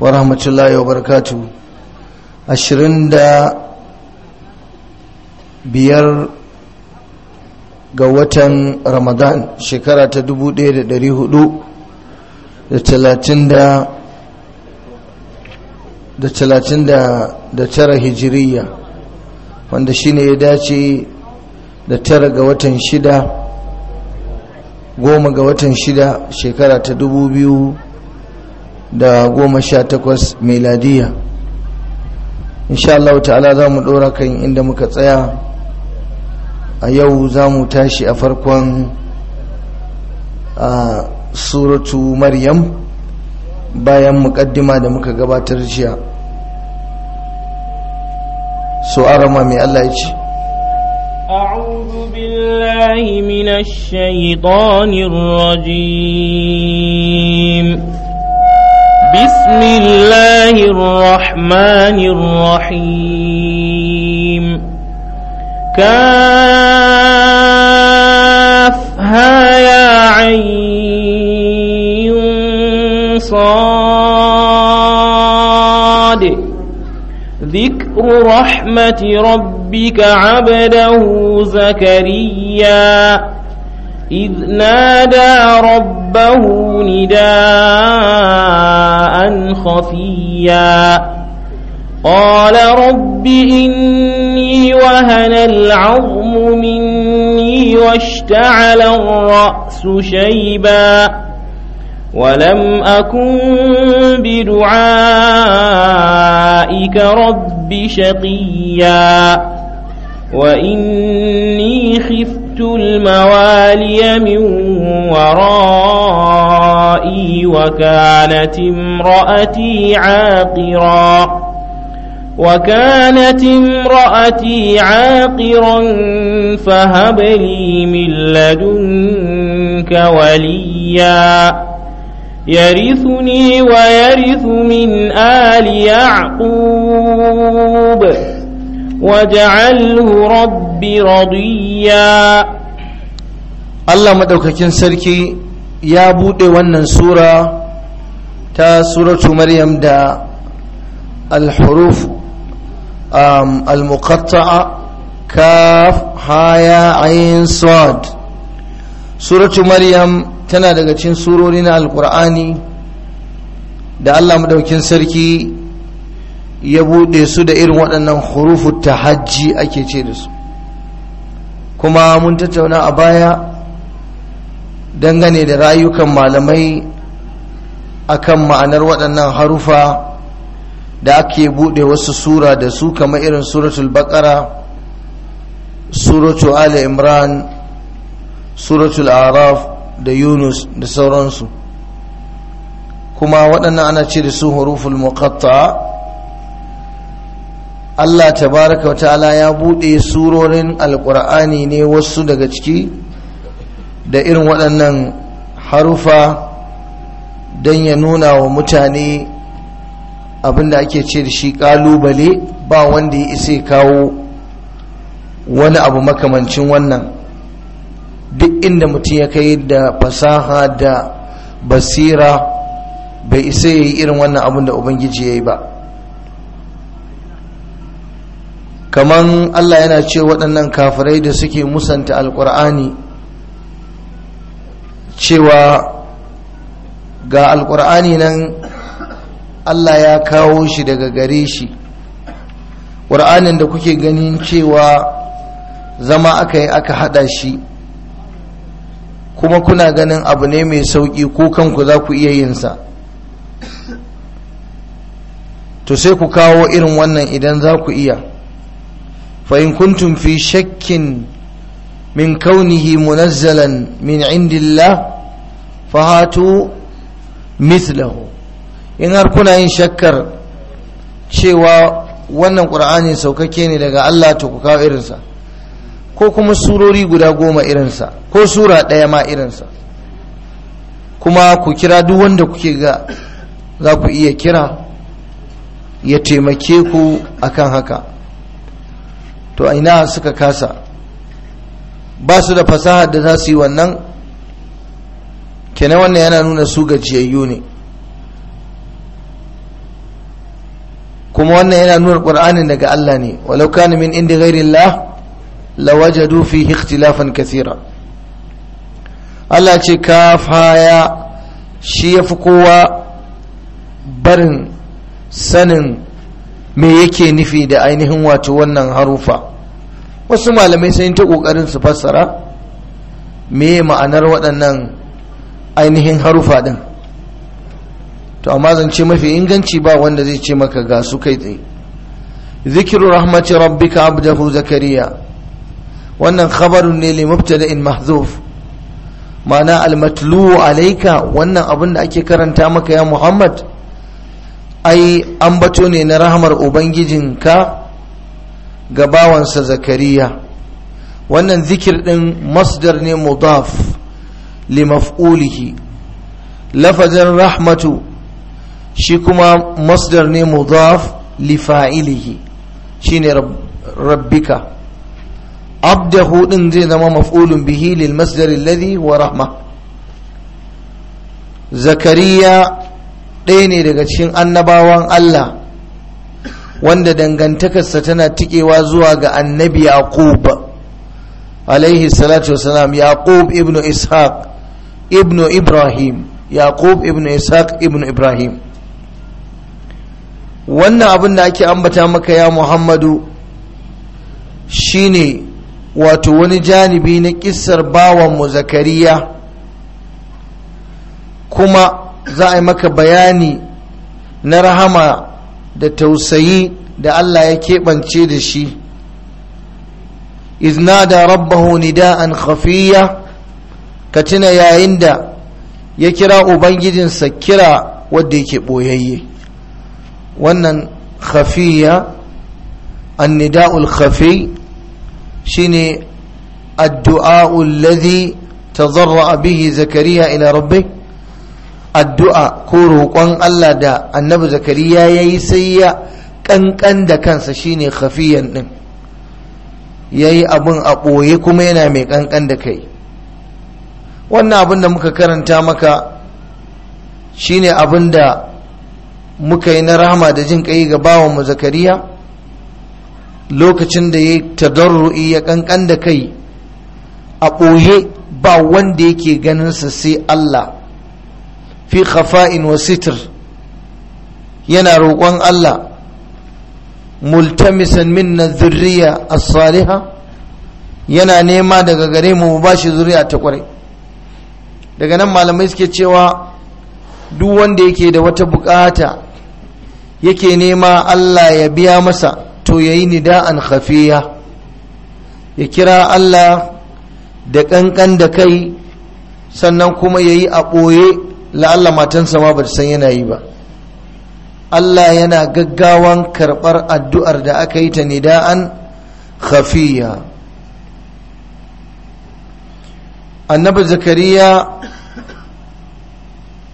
wa rahmatullahi wa barakatu ashirin da biyar ga watan ramadan shekara ta dubu daya da dari hudu da talatin da da talatin da tara hijiriya wanda shine ya dace da tara ga watan shida goma ga watan shida shekara ta dubu biyu da goma sha takwas meladiya insha Allah ta'ala za mu ɗora kan inda muka tsaya a yau za mu tashi a farkon a suratu maryam bayan muƙaddima da muka gabatar jiya so arama mai Allah ya ce أعوذ بالله من الشيطان الرجيم بسم الله الرحمن الرحيم كافها يا عين صاد ذكر رحمة ربك عبده زكريا إذ نادى ربه نداء خفيا قال رب إني وهن العظم مني واشتعل الرأس شيبا ولم أكن بدعائك رب شقيا وإني خفت الموالي من ورائي وكانت امرأتي عاقرا وكانت امرأتي عاقرا فهب لي من لدنك وليا يرثني ويرث من آل يعقوب واجعله رب رضيا Allah maɗaukakin sarki ya buɗe wannan sura ta suratu maryam da al-huruf um, al-muqatta'a kaf haya ayin sad suratu maryam tana daga cikin surori na alkur'ani da Allah maɗaukin sarki ya buɗe su da irin waɗannan hurufu ta hajji ake ce da su kuma mun tattauna a baya dangane da rayukan malamai akan ma'anar waɗannan harufa da ake buɗe wasu sura da su kamar irin suratul baƙara suratul ali imran suratul araf da yunus da sauransu kuma waɗannan ana ce da su huruful muqatta Allah tabaraka wa ta'ala ya buɗe surorin alƙur'ani ne wasu daga ciki da irin waɗannan harufa don ya nuna wa mutane abinda ake ce da shi ƙalubale ba wanda ya isa kawo wani abu makamancin wannan duk inda mutum ya kai da fasaha da basira bai isa ya yi irin wannan abin da ubangiji ya yi ba kaman allah yana ce waɗannan kafirai da suke musanta alkur'ani cewa ga alkur'ani nan allah ya kawo shi daga gare shi ƙur'anin da kuke ganin cewa zama aka yi aka hada shi kuma kuna ganin abu ne mai sauƙi ko kanku za ku iya yinsa to sai ku kawo irin wannan idan za ku iya fahimkuntun fi shakkin min كونه munazzalan من عند الله فهاتوا مثله in har kuna yin shakkar cewa wannan ƙur'ani saukake ne daga Allah ta ku kawo irinsa ko kuma surori guda goma irinsa ko sura ɗaya ma irinsa kuma ku kira duk wanda kuke ga za iya kira ya taimake ku akan haka to a ina suka kasa ba su da fasaha da za su yi wannan kenan wannan yana nuna su gajiyayyu ne kuma wannan yana nuna ƙur'anin daga Allah ne walau kana min inda ghairillah lawajadu fi ikhtilafan kathira Allah ce kafaya shi ya fi kowa barin sanin me yake nufi da ainihin wato wannan harufa wasu malamai sun ta ƙoƙarin su fassara me ma'anar waɗannan ainihin harufa ɗin to amma zan ce mafi inganci ba wanda zai ce maka ga su kai tsaye zikiru rahmati rabbika abdahu zakariya wannan khabarun ne li mubtada'in mahzuf ma'ana almatlu alaika wannan abin da ake karanta maka ya muhammad ai ambato ne na rahmar ubangijinka ga bawansa zakariya wannan zikir ɗin masdar ne mudaf li maf'ulihi lafazin rahmatu shi kuma masdar ne mudaf li fa'ilihi shine rabbika abdahu din zai zama maf'ulun bihi lil masdar alladhi wa rahma zakariya ɗaya ne daga cikin annabawan Allah wanda dangantakarsa tana tikewa zuwa ga annabi yaqub alaihi salatu wasalam yaqub ibnu ishaq ibnu ibrahim yaqub ibnu ishaq ibnu ibrahim wannan abin da ake ambata maka ya muhammadu shine wato wani janibi na kissar mu zakariya kuma za a yi maka bayani na rahama da tausayi da Allah ya keɓance da shi izna da rabbahu nida'an khafiya ka tuna yayin da ya kira ubangijinsa kira wadda yake ɓoyayye wannan khafiya an nida'ul khafi shine addu'a alladhi tazarra bihi zakariya ila rabbih addu'a ko roƙon Allah da annabi zakariya ya yi sai ya ƙanƙan da kansa shine khafiyan ɗin ya yi abin a ɓoye kuma yana mai ƙanƙan da kai wannan abin da muka karanta maka shine abin da muka yi na rahama da jin ƙai ga bawanmu zakariya lokacin da ya tadarru'i ya ƙanƙan da kai a ɓoye ba wanda yake ganinsa sai Allah fi khafa'in wa sitr yana roƙon Allah multamisan minna zurriya as-saliha yana nema daga gare mu ba shi zuriya ta kwarai daga nan malamai suke cewa duk wanda yake da wata bukata yake nema Allah ya biya masa to yayi nida'an khafiya ya kira Allah da kankan da kai sannan kuma yayi a ɓoye la'alla matansa ma ba san yana yi ba Allah yana gaggawan karɓar addu'ar da aka yi ta nida'an khafiya annabi zakariya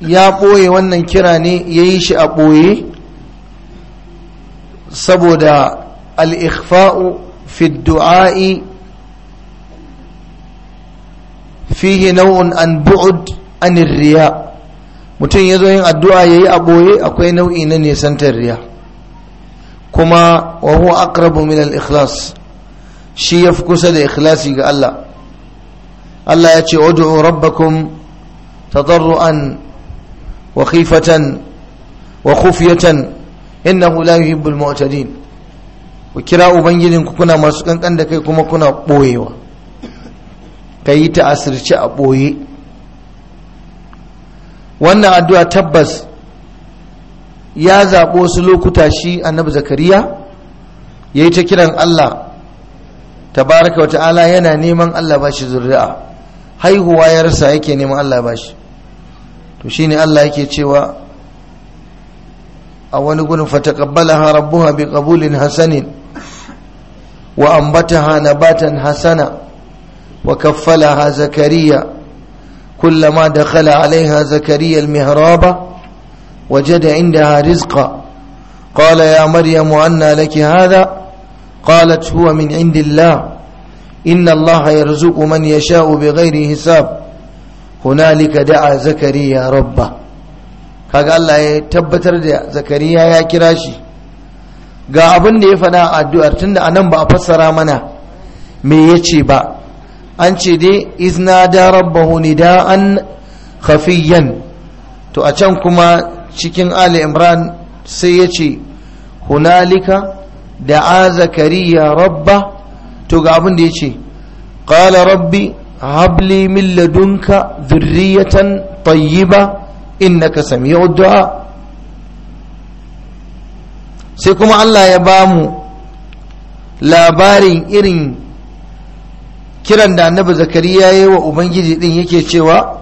ya ɓoye wannan kira ne ya yi shi a ɓoye saboda al'ikhfa'u fiddu'a'i du'a'i fihi nau'un an bu'ud an riya' mutum ya zo yin addu'a ya yi a ɓoye akwai nau'i na nisantar riya kuma wa huwa aqrabu min al-ikhlas shi ya fi kusa da ikhlasi ga Allah Allah ya ce ud'u rabbakum tadarruan wa khifatan wa khufyatan innahu la yuhibbul mu'tadin ku kira ubangijin ku kuna masu kankan da kai kuma kuna boyewa kayi ta asirce a boye wannan addu'a tabbas ya zaɓo wasu lokuta shi annabi zakariya ya yi ta kiran allah tabaraka wa ta'ala yana neman allah ba shi zuri'a haihuwa ya rasa yake neman allah ba shi to shine allah yake cewa a wani gudun fataqabbalaha rabbuha bi ƙabulin hasanin wa ambata na batan hasana wa kaffala ha zakariya كلما دخل عليها زكريا المهراب وجد عندها رزقا قال يا مريم أنى لك هذا قالت هو من عند الله إن الله يرزق من يشاء بغير حساب هنالك دعا زكريا ربه kaga Allah ya tabbatar da zakariya ya kira shi ga abin da ya faɗa a addu'ar tunda anan ba a fassara mana me yace ba an ce dai izna da rabbahu nida'an khafiyyan to a can kuma cikin ali imran sai ya ce hunalika da'a zakariya rabba to ga abin da ya ce qala rabbi habli min ladunka dhurriyatan tayyiba innaka sami'ud du'a sai kuma Allah ya bamu labarin irin kiran da annabi zakariya yayi wa ubangiji din yake cewa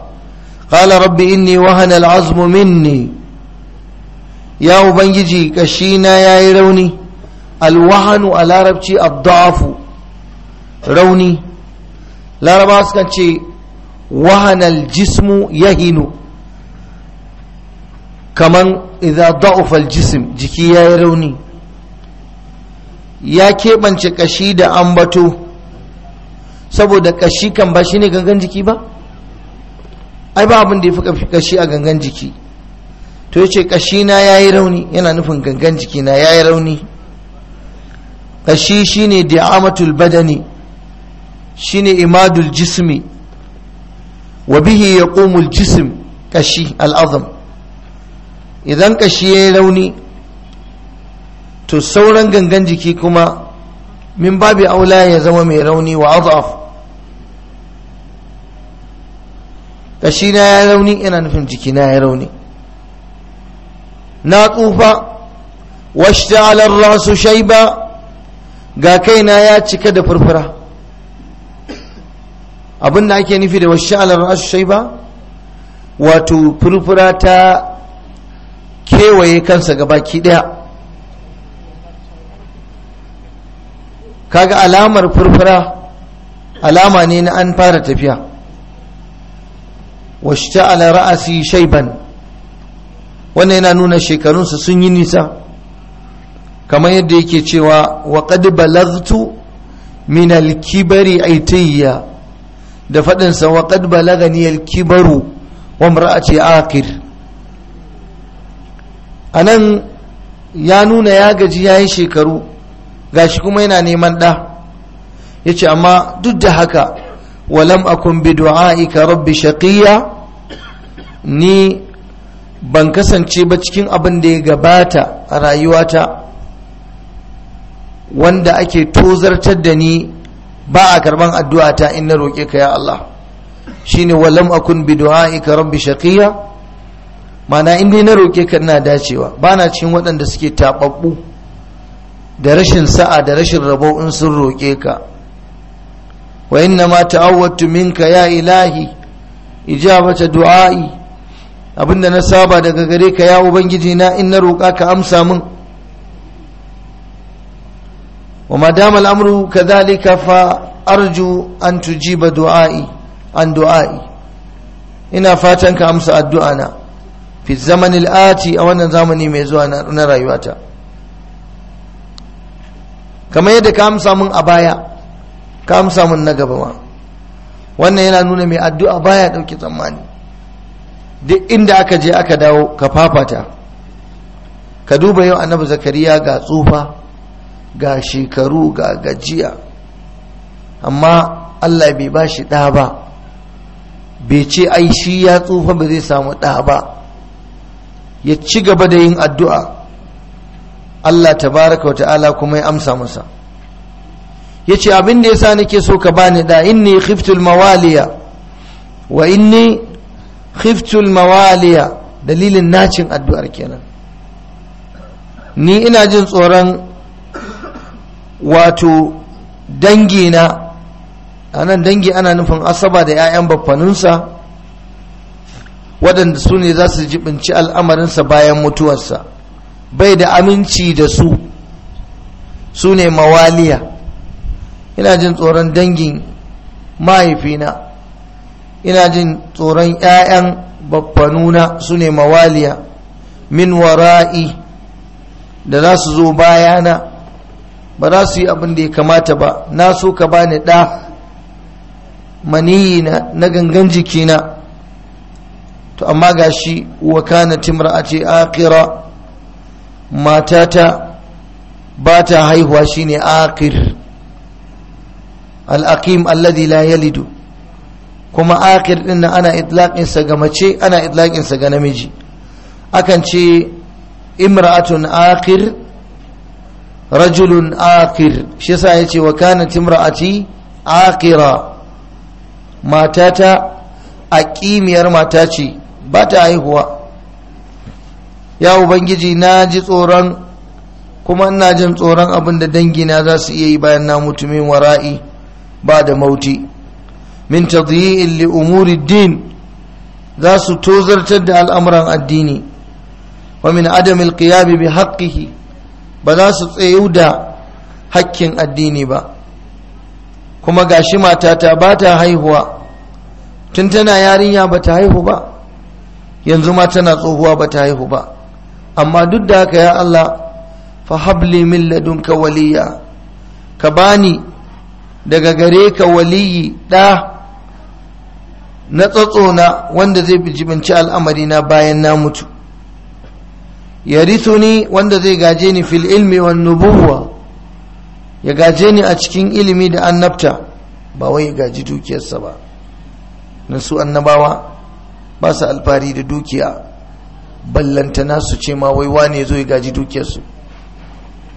qala rabbi inni wahana al'azmu minni ya ubangiji kashina yayi rauni alwahanu a larabci abda'afu rauni Laraba suka ce wahanal jismu yahinu kaman idza da'ufa aljism jiki yayi rauni ya keɓance kashi da ambato saboda kashi kan ba shi ne gangan jiki ba ai ba abin da fi kashi a gangan jiki to ya ce kashi na yi rauni yana nufin gangan jiki na yi rauni kashi shine di'amatul badani shine imadul jismi wa bihi ya ƙashi jism kashi al'azam idan kashi yi rauni to sauran gangan jiki kuma min babi aula ya zama mai rauni wa adhaf kashi na ya rauni ina nufin jiki na ya rauni na tsufa washta'ala ar-rasu ba ga kaina ya cika da furfura abin da ake nufi da washta'ala ar-rasu ba wato furfura ta kewaye kansa gabaki daya kaga alamar furfura alama ne na an fara tafiya washta'ala ra'asi shaiban wannan yana nuna shekarunsa sun yi nisa kamar yadda yake cewa wa qad balagtu min al-kibari aitiyya da fadin sa wa qad balagani al-kibaru wa imra'ati akir anan ya nuna ya gaji yayi shekaru gashi kuma yana neman ɗa ya ce amma duk da haka walam akun bi du'a'ika rabbi shaqiya ni ban kasance ba cikin abin da ya gabata a rayuwata wanda ake tozartar da ni ba a karban ta in na roƙe ka ya Allah shine walam akun bi du'a'ika rabbi shaqiya mana in dai na roƙe ka ina dacewa bana cikin waɗanda suke taɓaɓɓu da rashin sa'a da rashin rabo in sun roƙe ka wa inna ma ta'awwattu minka ya ilahi ijabata du'a'i abinda na saba daga gare ka ya ubangiji na in na roƙa ka amsa min wa ma dama al'amru kadhalika fa arju an tujiba du'a'i an du'a'i ina fatan ka amsa addu'a na fi zamanil ati a wannan zamani mai zuwa na rayuwata kamar yadda ka amsa mun a baya ka amsa mun na gaba ma wannan yana nuna mai addu'a baya ɗauki tsammani duk inda aka je aka dawo ka fafata ka duba yau annabi zakariya ga tsufa ga shekaru ga gajiya amma allah bai ba shi ɗa ba bai ce ai shi ya tsufa ba zai samu ɗa ba ya ci gaba da yin addu'a Allah tabaraka wata'ala kuma ya amsa masa yace abin da yasa nake so ka bani da inni khiftul mawaliya wa inni khiftul mawaliya dalilin nacin addu'ar kenan ni ina jin tsoron wato dangi na anan dangi ana nufin asaba da 'ya'yan baffaninsa waɗanda su ne za su jibinci al'amarinsa bayan mutuwarsa bai da aminci da su su ne mawaliya ina jin tsoron dangin mahaifina ina jin tsoron 'ya'yan babbanuna su ne mawaliya min wara'i da za su zo bayana ba za su yi abin da ya kamata ba na so ka ba ni ɗa maniyi na gangan jikina to amma ga shi wa kana timra a ce akira matata ba ta haihuwa shine akir al'akim alladhi la yalidu kuma akir ɗin na ana itlaƙinsa ga mace ana itlaƙinsa ga namiji akan ce imra'atun akir rajulun akir shi sa ya ce wa a imra'ati akira matata aƙimiyar mata ce ba ta haihuwa ya ubangiji na ji tsoron kuma ina jin tsoron abin da dangina za su iya yi bayan na mutu min wara'i ba da mauti min tadyi'in li umuri din za su tozartar da al'amuran addini wa min adam alqiyam bi haqqihi ba za su tsayu da hakkin addini ba kuma gashi matata ba ta haihuwa tun tana yarinya ba ta haihu ba yanzu ma tana tsohuwa ba ta haihu ba amma duk da haka ya Allah fa habli min ladunka waliya ka bani daga gare ka waliyi ɗa na tsatsona wanda zai jibinci al'amari na bayan na mutu ya ni wanda zai gaje ni fil ilmi wan nubuwa ya gaje ni a cikin ilimi da annabta ba wai gaji dukiyarsa ba na su annabawa ba su alfari da dukiya ballantana su ce ma wai wane zo ya gaji dukiyarsu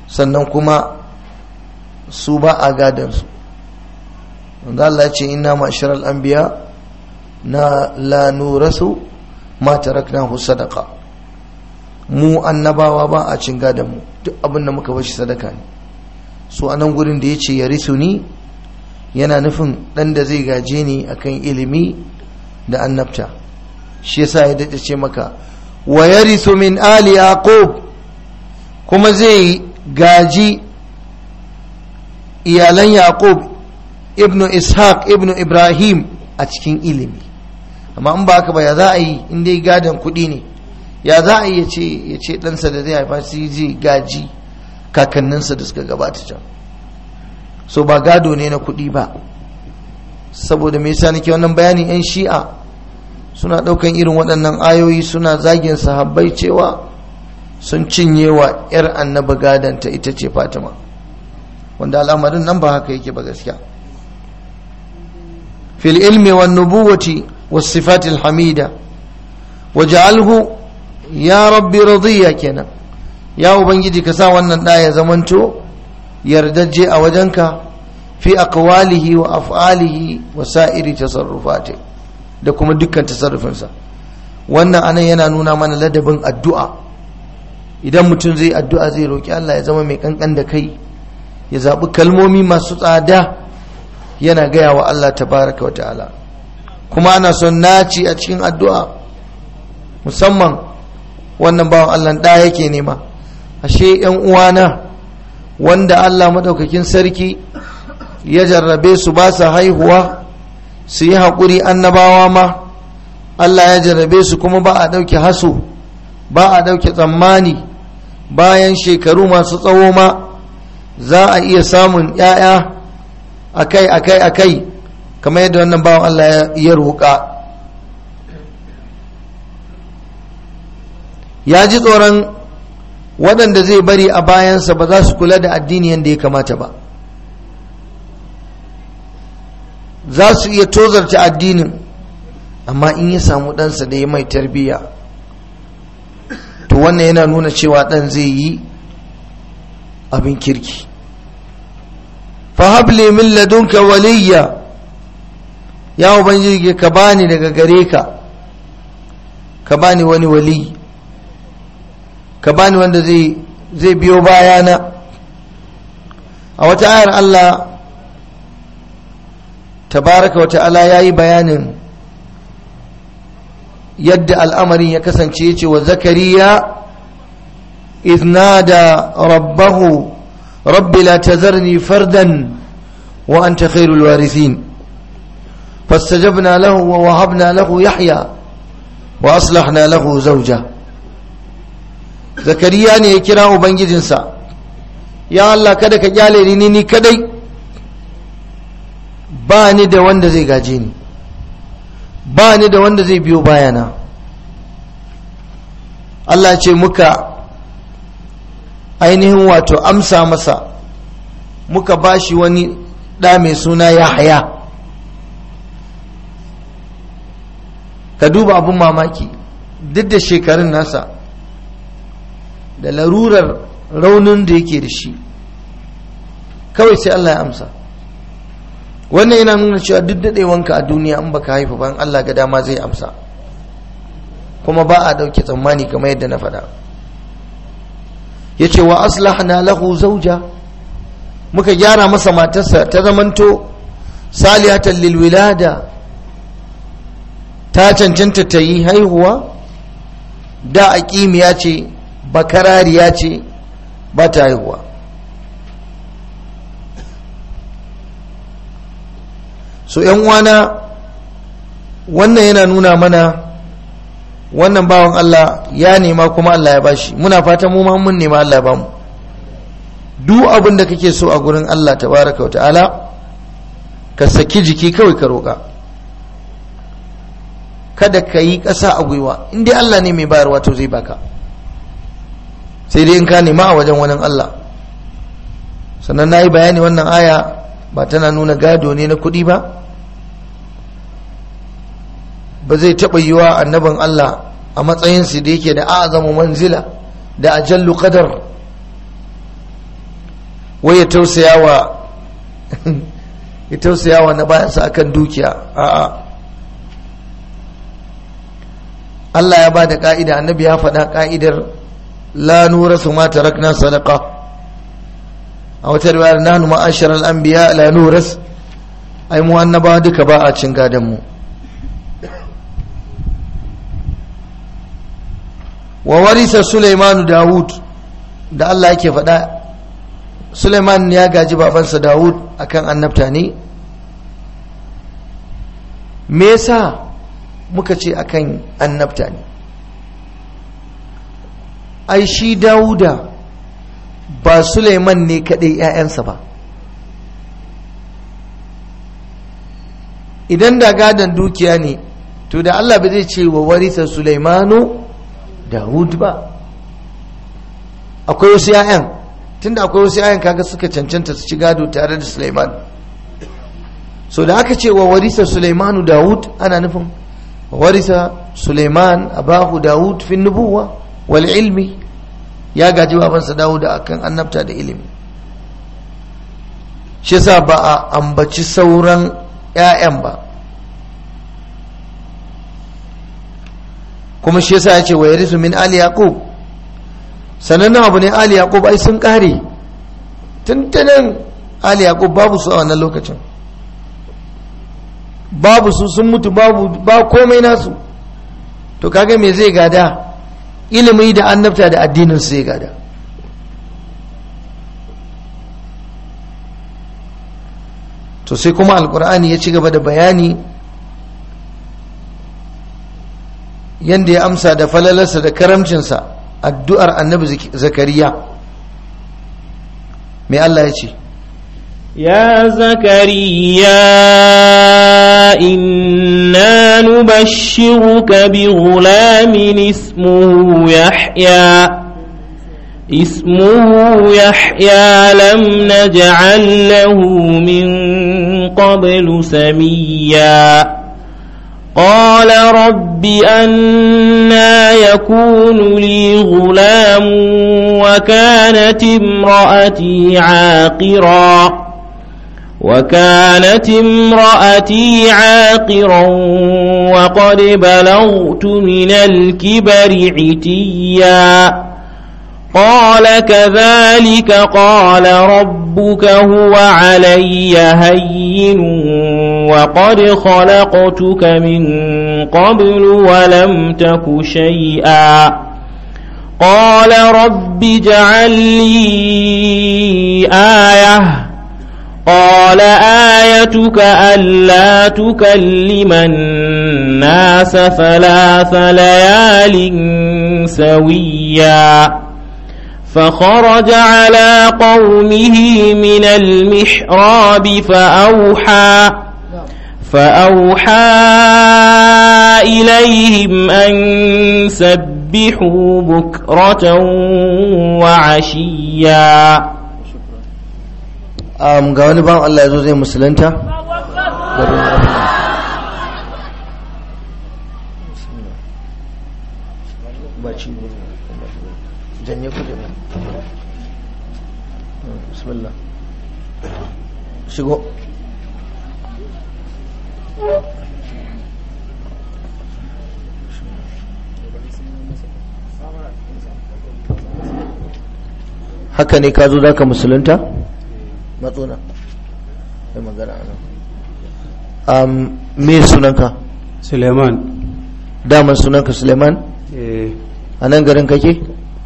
sannan kuma su ba a gadansu wanda Allah ce ina ma'ashirar anbiya na lanurasu ma hu sadaka mu annabawa ba a cin gadanmu duk abin da muka bashi sadaka ne su a nan gurin da ya ce ya risu ni yana nufin ɗan da zai gaje ni akan ilimi da annabta shi yasa ya dace maka wa yarisu min ali yaqub kuma zai gaji iyalan yaqub ibnu ishaq ibnu ibrahim a cikin ilimi amma in ba haka ba ya za a yi in dai gadon kuɗi ne ya za a yi ya ce ɗansa da zai haifa shi zai gaji kakanninsa da suka gabata can so ba gado ne na kuɗi ba saboda me yasa nake wannan bayanin yan shi'a suna ɗaukan irin waɗannan ayoyi suna zagin sahabbai cewa sun cinye wa 'yar annaba gadanta ita ce fatima wanda al'amarin nan ba haka yake ba gaskiya fil ilmi wa nubuwati wa sifatil hamida ja'alhu ya rabbi radiya kenan ya ubangiji ka sa wannan da ya zamanto yardaje a wajenka fi aqwalihi wa af'alihi wa sa'iri tasarrufatihi da kuma dukkan tasarrufinsa wannan anan yana nuna mana ladabin addu'a idan mutum zai addu'a zai roki Allah ya zama mai kankan da kai ya zaɓi kalmomi masu tsada yana gaya wa Allah tabaraka wa ta'ala kuma ana son naci a cikin addu'a musamman wannan bawan Allah da yake nema ashe ‘yan uwana wanda Allah maɗaukakin sarki ya jarrabe su ba haihuwa su yi haƙuri annabawa ma Allah ya jarrabe su kuma ba a ɗauke haso ba a ɗauke tsammani bayan shekaru masu tsawo ma za a iya samun ‘ya'ya a a kai kai a kai kamar yadda wannan bawan Allah ya roƙa ya ji tsoron waɗanda zai bari a bayansa ba za su kula da addini yadda ya kamata ba za su iya tozarta addinin amma in ya samu ɗansa da ya mai tarbiyya to wannan yana nuna cewa ɗan zai yi abin kirki fahabli min ladunka waliyya ya ubangiji ka bani daga gare ka ka bani wani wali ka bani wanda zai biyo bayana a wata ayar Allah tabaraka wata'ala ya yi bayanin yadda al'amarin ya kasance ya ce wa zakariya iznada rabbahu rabbi la tazarni fardan wa anta khairul warithin فاستجبنا له ووهبنا له يحيى وأصلحنا له زوجة Zakariya ne ya kira ubangijinsa ya Allah kada ka kyale ni ni kadai ba ni da wanda zai gaje ni ba ni da wanda zai biyo bayana Allah ce muka ainihin wato amsa masa muka ba shi wani ɗa mai suna ya haya ka duba abin mamaki duk da shekarun nasa da larurar raunin da yake da shi kawai sai Allah ya amsa wannan yana nuna cewa duk daɗewanka a duniya in baka haifa ban Allah ga dama zai amsa kuma ba a ɗauke tsammani kamar yadda na faɗa ya ce wa na lahu zauja muka gyara masa matarsa ta zamanto saliya lilwila da ta cancanta ta yi haihuwa da a ce bakarariya ce ba ta haihuwa so yan wana wannan yana nuna mana wannan bawan Allah ya nema kuma Allah ya bashi muna fatan mu ma mun nema Allah ya bamu duk abin da kake so a gurin Allah tabaraka wa ta'ala ka saki jiki kawai ka roka kada ka yi ƙasa a gwiwa in dai Allah ne mai bayarwa to zai baka sai dai in ka nema a wajen wani Allah sannan na yi bayani wannan aya ba tana nuna gado ne na kudi ba ba zai taɓa yiwa annabin Allah a matsayin matsayinsu da yake da azamu manzila da ajallu qadar wai ya tausayawa ya tausayawa na bayansa akan dukiya a'a Allah ya ba da ka'ida annabi ya faɗa ka'idar la nura su ma tarakna sadaqa a wata riwayar nahnu ma'ashar an biya la nuras ai mu annaba duka ba a cin gadon mu wa warisa suleiman Dawud da Allah yake faɗa suleiman ya gaji babansa Dawud akan annabta ne me yasa muka ce akan annabta ne ai shi Dawuda ba Suleiman ne kaɗai 'ya'yansa ba idan da gadon dukiya ne to da Allah ba zai ce wa warisa Suleimanu Dawud ba akwai wasu 'ya'yan tunda akwai wasu 'ya'yan kaga suka cancanta su ci gado tare da Suleiman so da aka ce wa warisa Suleimanu Dawud ana nufin warisa Suleiman abahu Dawud fin nubuwa wal ilmi ya gaji babansa dawo da akan annabta da ilimi shi sa ba a ambaci sauran 'ya'yan ba kuma shi sa ya ce wayar su min ali yaqub sanannen abu ne ali yaqub ai sun kare tuntunan ali yaqub babu su a wannan lokacin babu su sun mutu babu ba komai nasu to kaga me zai gada ilimi da annabta da addinin su zai gada to sai kuma alkur'ani ya ci gaba da bayani yadda ya amsa da falalarsa da karamcinsa addu'ar annabi zakariya mai allah ya ce يا زكريا إنا نبشرك بغلام اسمه يحيى اسمه يحيى لم نجعل له من قبل سميا قال رب أنا يكون لي غلام وكانت امرأتي عاقراً وكانت امرأتي عاقرا وقد بلغت من الكبر عتيا قال كذلك قال ربك هو علي هين وقد خلقتك من قبل ولم تك شيئا قال رب اجعل لي آيه قال آيتك ألا تكلم الناس ثلاث ليال سويا فخرج على قومه من المحراب فأوحى فأوحى إليهم أن سبحوا بكرة وعشيا Um, ga wani ban Allah ya zo zai musulunta shigo haka ne ka zo za ka musulunta? matsona da magana a nan um, me sunanka suleiman damar sunanka suleiman eh. a nan garin kake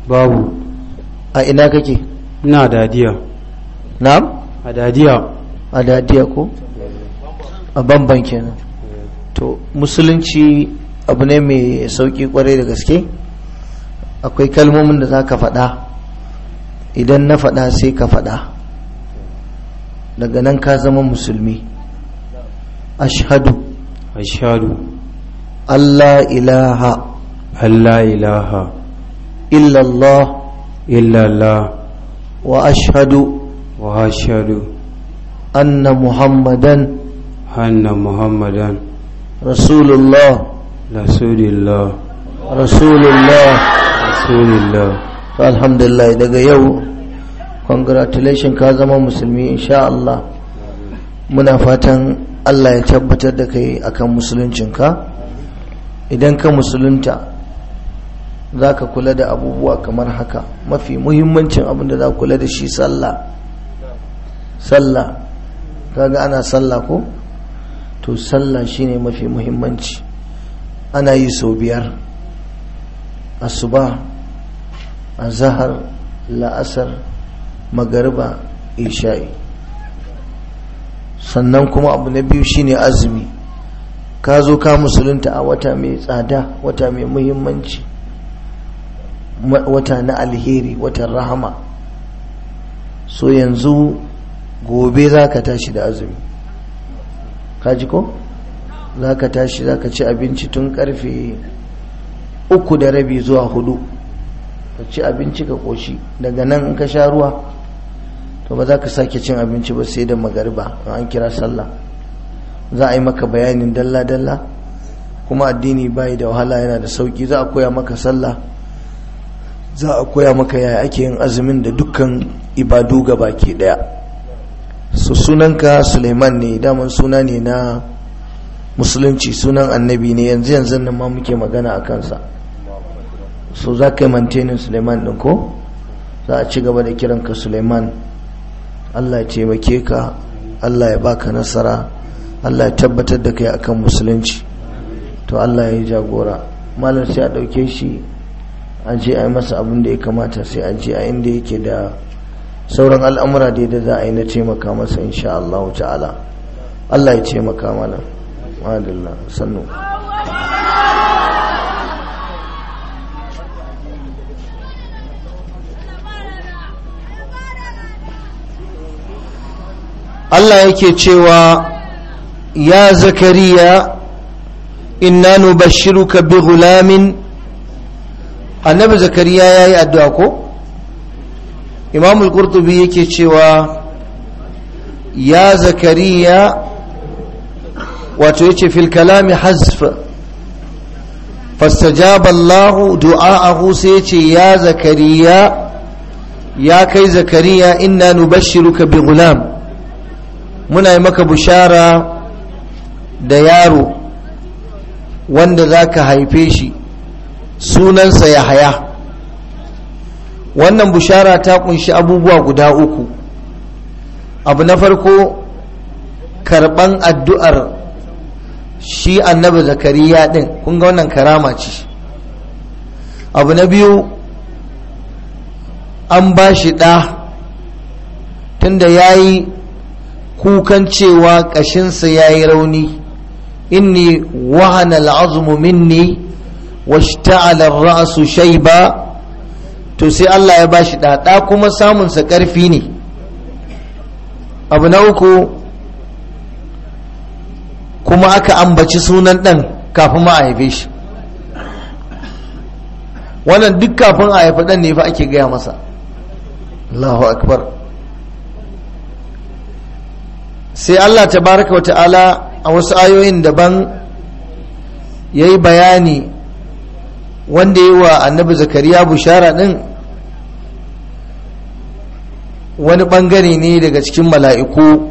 babu a ina kake na dadiya na'am a dadiya a dadiya ko a bamban kenan to musulunci abu ne mai sauki kwarai da gaske akwai kalmomin da za ka faɗa idan na faɗa sai ka faɗa daga nan ka zama musulmi ashadu. ashadu. Allah ilaha Allah ilaha illallah illallah wa ashadu. wa ashadu. anna muhammadan anna muhammadan rasulullah rasulullah rasulullah rasulullah alhamdulillah daga yau congratulations ka zama musulmi insha Allah muna fatan Allah ya tabbatar da kai akan musuluncinka idan ka musulunta za ka kula da abubuwa kamar haka mafi muhimmancin abin da za ka kula da shi sallah sallah kaga ana sallah ko to sallah shine mafi muhimmanci ana yi sau biyar asuba Zahar la'asar magariba isha'i sannan kuma abu na biyu shine azumi ka zo ka musulunta a wata mai tsada wata mai muhimmanci wata na alheri watan rahama so yanzu gobe za ka tashi da azumi kaji ko za ka tashi za ka ci abinci tun karfe uku da rabi zuwa hudu ka ci abinci ka koshi daga nan in ka sha ruwa to ba za ka sake cin abinci ba sai da magariba in an kira sallah za a yi maka bayanin dalla-dalla kuma addini bayi da wahala yana da sauki za a koya maka sallah za a koya maka yaya ake yin azumin da dukkan ibadu ga baki daya su sunanka suleiman ne daman suna ne na musulunci sunan annabi ne yanzu yanzu nan ma muke magana a kansa so za ka yi mantenin suleiman ɗin ko za a ci gaba da kiranka suleiman Allah ya taimake ka Allah ya baka nasara Allah ya tabbatar da kai akan musulunci to Allah ya jagora malam sai a ɗauke shi a je a yi masa abin da ya kamata sai a je a inda yake da sauran al'amura da da za a yi na taimaka masa insha Allah ta'ala Allah ya taimaka mana madalla sannu Allah yake cewa ya zakariya inna nubashshiruka bi ghulamin annabi zakariya yayi addu'a ko imam al-qurtubi yake cewa ya zakariya wato yace fil kalami hasf fastajaba Allah du'aahu sai yace ya zakariya ya kai zakariya inna nubashshiruka bi ghulam muna yi maka bushara da yaro wanda za ka haife shi sunansa ya haya wannan bishara ta kunshi abubuwa guda uku abu na farko karban addu'ar shi annabi zakariya din kun ga wannan karama ce abu na biyu an ba shi ɗa tun da ya yi kukan cewa ƙashinsa ya yi rauni inni wahana al'azumu minni washta'ala ra'su shaiba to sai Allah ya bashi ɗaɗa kuma samunsa ƙarfi ne abu na uku kuma aka ambaci sunan ɗan kafin ma a haife shi wannan duk kafin a haifi ɗan ne fa ake gaya masa Allahu akbar sai Allah wata wata'ala a wasu ayoyin daban ya yi bayani wanda yi wa annabi zakariya bushara ɗin wani bangare ne daga cikin mala'iku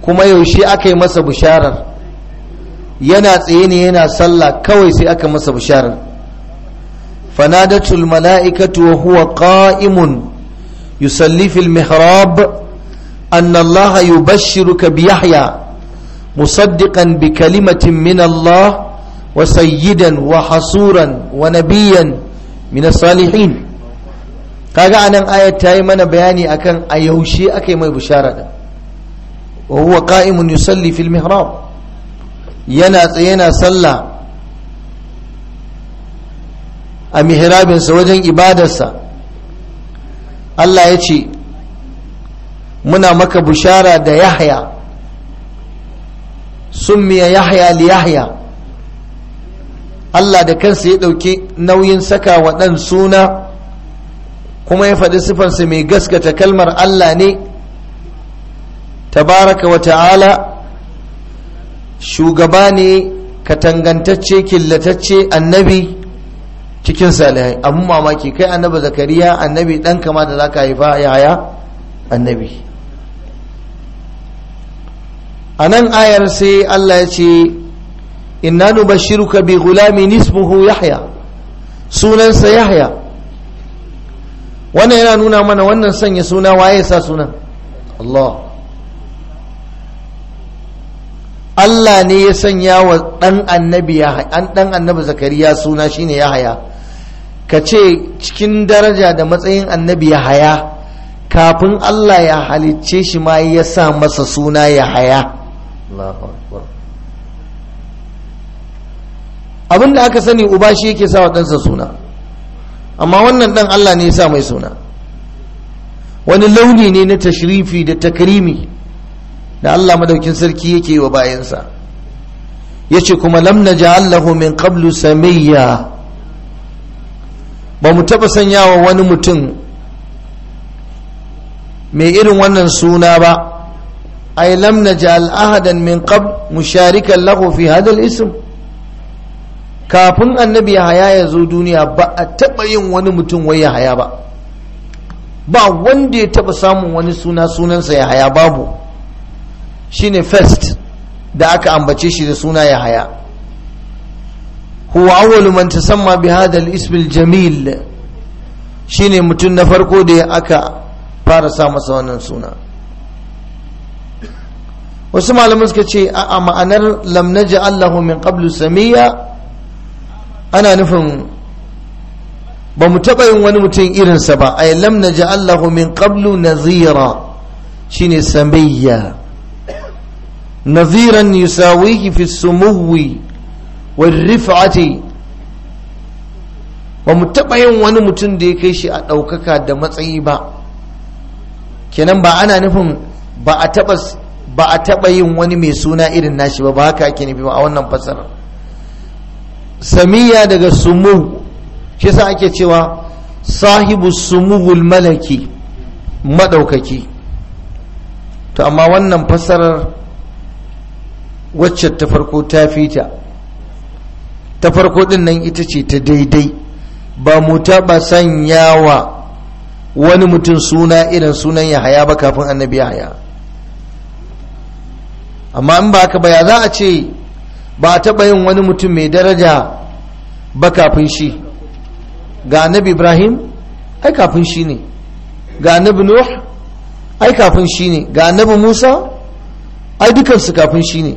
kuma yaushe aka yi masa bisharar yana tsaye ne yana sallah kawai sai aka masa bisharar fanadatul mala'ikatu wa huwa qa'imun yusalli mihrab أن الله يبشرك بيحيى مصدقا بكلمة من الله وسيدا وحصورا ونبيا من الصالحين kaga anan ayat ta yi mana bayani akan a yaushe aka yi mai bishara da wa huwa qa'imun yusalli fil mihrab yana tsaye yana sallah a mihrabinsa wajen ibadarsa Allah ya ce muna maka bushara da yahya summiya yahya li yahya Allah da kansa ya ɗauki nauyin saka wa ɗan suna kuma ya faɗi sifansa mai gaskata kalmar Allah ne tabaraka wa ta'ala shugaba ne katangantacce killatacce annabi cikin salihai abin mamaki kai annabi zakariya annabi ɗan kama da za ka haifa yaya annabi a nan ayar sai Allah ya ce inna nubashiruka bi gulamin ismuhu yahya sunansa yahya wannan yana nuna mana wannan sanya suna waye sa sunan Allah Allah ne ya sanya wa ɗan annabi an ɗan annabi zakariya suna shine haya. ka ce cikin daraja da matsayin annabi ya haya, kafin Allah ya halicce shi ma ya sa masa suna ya haya. abin da aka sani uba shi yake sa wa ɗansa suna amma wannan ɗan Allah ne ya sa mai suna wani launi ne na tashrifi da takrimi da Allah madaukin sarki yake wa bayansa ya ce kuma lamna na allahu min qablu samiyya ba mu taɓa sanya wa wani mutum mai irin wannan suna ba أي لم نجعل أحدا من قبل مشاركا له في هذا الاسم kafin annabi haya ya zo duniya ba a taɓa yin wani mutum wai ya haya ba ba wanda ya taɓa samun wani suna sunansa ya haya babu shine first da aka ambace shi da suna ya haya huwa awwalu man tasamma bi hadha al-ism jamil shine mutum na farko da aka fara sa masa wannan suna wasu malamai suka ce a ma'anar lamnaji allahu min qablu samiya ana nufin ba mu taɓa yin wani mutum irinsa ba a lamnaji allahu min qablu nazira shine samiyya naziran yusawihi fi sumuwi wal rif'ati ba mu taɓa yin wani mutum da ya kai shi a ɗaukaka da matsayi ba kenan ba ana nufin ba a taɓa ba a taɓa yin wani mai suna irin nashi ba ba haka ake nufi a wannan fasarar samiya daga sumu shi sa ake cewa sahibu sumuhul malaki maɗaukaki to amma wannan fasarar wacce ta farko ta fita ta farko ɗin nan ita ce ta daidai ba mu taɓa sanyawa wani mutum suna irin sunan yahaya ba kafin annabi yahaya amma in ba ka baya za a ce ba a taɓa yin wani mutum mai daraja ba kafin shi ga nabi ibrahim ai kafin shi ne ga nabi nuh ai kafin shi ne ga nabi musa ai dukansu kafin shi ne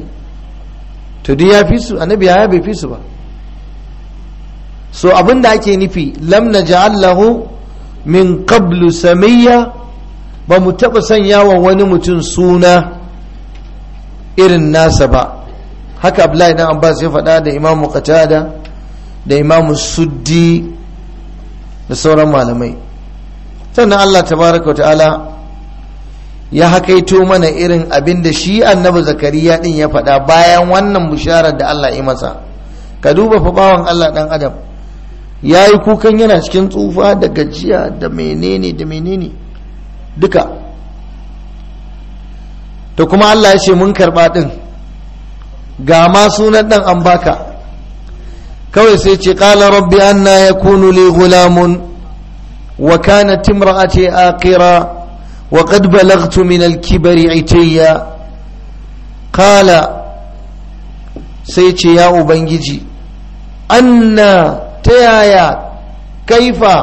to duk ya fi su annabi ya bai fi su ba so abin da ake nufi lam na ja'allahu min qablu samiyya ba mu taɓa sanya wa wani mutum suna irin nasa ba haka abdullahi dan abbas ya faɗa da Imam qatada da imamu suddi da sauran malamai sannan allah tabaraka ta'ala ya hakaito mana irin abin da shi annabi zakariya din ya faɗa bayan wannan bushara da allah ya masa ka duba fa allah dan adam ya yi kukan yana cikin tsufa da gajiya da menene da menene duka to kuma Allah ya ce mun karba ɗin ga ma sunan ɗan an baka kawai sai ce ƙala rabbi anna ya kunu li gulamun wa kana timra'ati aqira wa qad balagtu min al-kibari itiya sai ce ya ubangiji anna ta yaya kaifa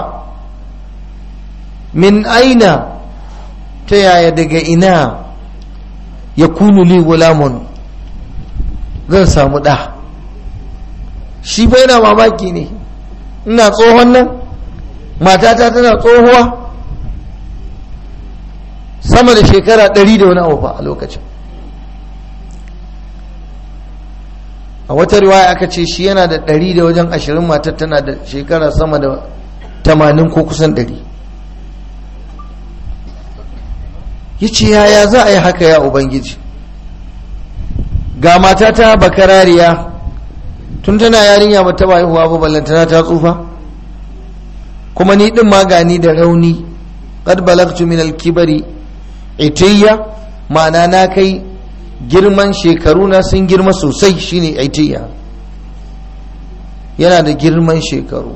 min aina ta yaya daga ina ya kunu li gulamun zan samu ɗa shi bai na mamaki ne ina tsohon nan matata tana tsohuwa sama da shekara ɗari da wani abu a lokacin a wata riwaya aka ce shi yana da ɗari da wajen ashirin matar tana da shekara sama da tamanin ko kusan ɗari ya ce yaya za a yi haka ya ubangiji ga mata ta bakarariya tun tana yarinya ba ta haihuwa ba ballantana ta tsufa kuma ni din magani da rauni qad balagtu min al-kibari itiyya ma'ana na kai girman shekaru na sun girma sosai shine itiyya yana da girman shekaru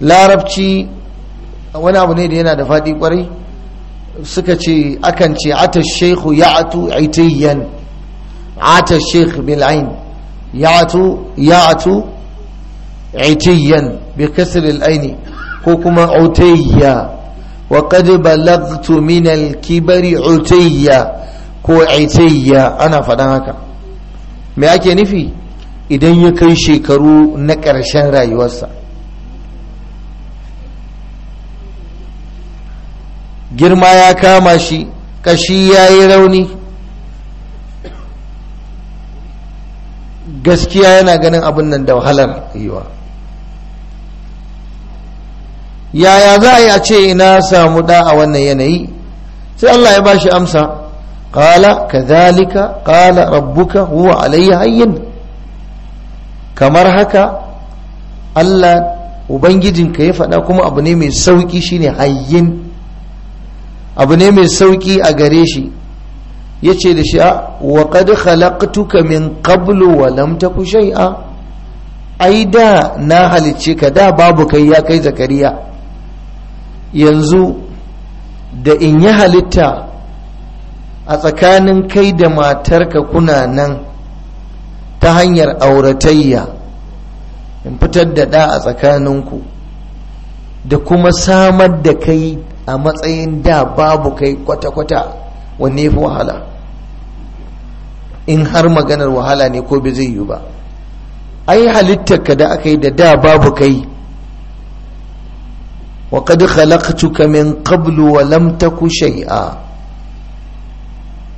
larabci wani abu ne da yana da faɗi kwarai suka ce akan ce ata shekhu ya atu aitiyan ata shekh bil'ain ya atu ya atu aitiyan bi kasar al'aini ko kuma utayya wa qad balagtu min al-kibari utayya ko aitayya ana faɗan haka me ake nufi idan ya kai shekaru na ƙarshen rayuwarsa girma ya kama shi kashi ya yi rauni gaskiya yana ganin abin nan da wahalar yiwa yaya za a yi a ce ina samu da a wannan yanayi sai Allah ya ba shi amsa kala ka zalika ƙala rabbuka huwa alayya hayyin kamar haka Allah ubangijinka ya faɗa kuma abu ne mai sauƙi shine hayyin abu ne mai sauki a gare shi ya ce da shi a waƙad halaktuka min qablu wa lam taku a? ai da na halicce ka da babu kai ya kai zakariya yanzu da in yi halitta a tsakanin kai da matarka kuna nan ta hanyar auratayya in fitar da ɗa a tsakaninku da kuma samar da kai a matsayin da babu kai kwata-kwata wanne fi wahala in har maganar wahala ne ko bai zai yi ba ai ka da aka yi da da babu kai wa kad khalaqtuka min qablu wa lam taku shay'a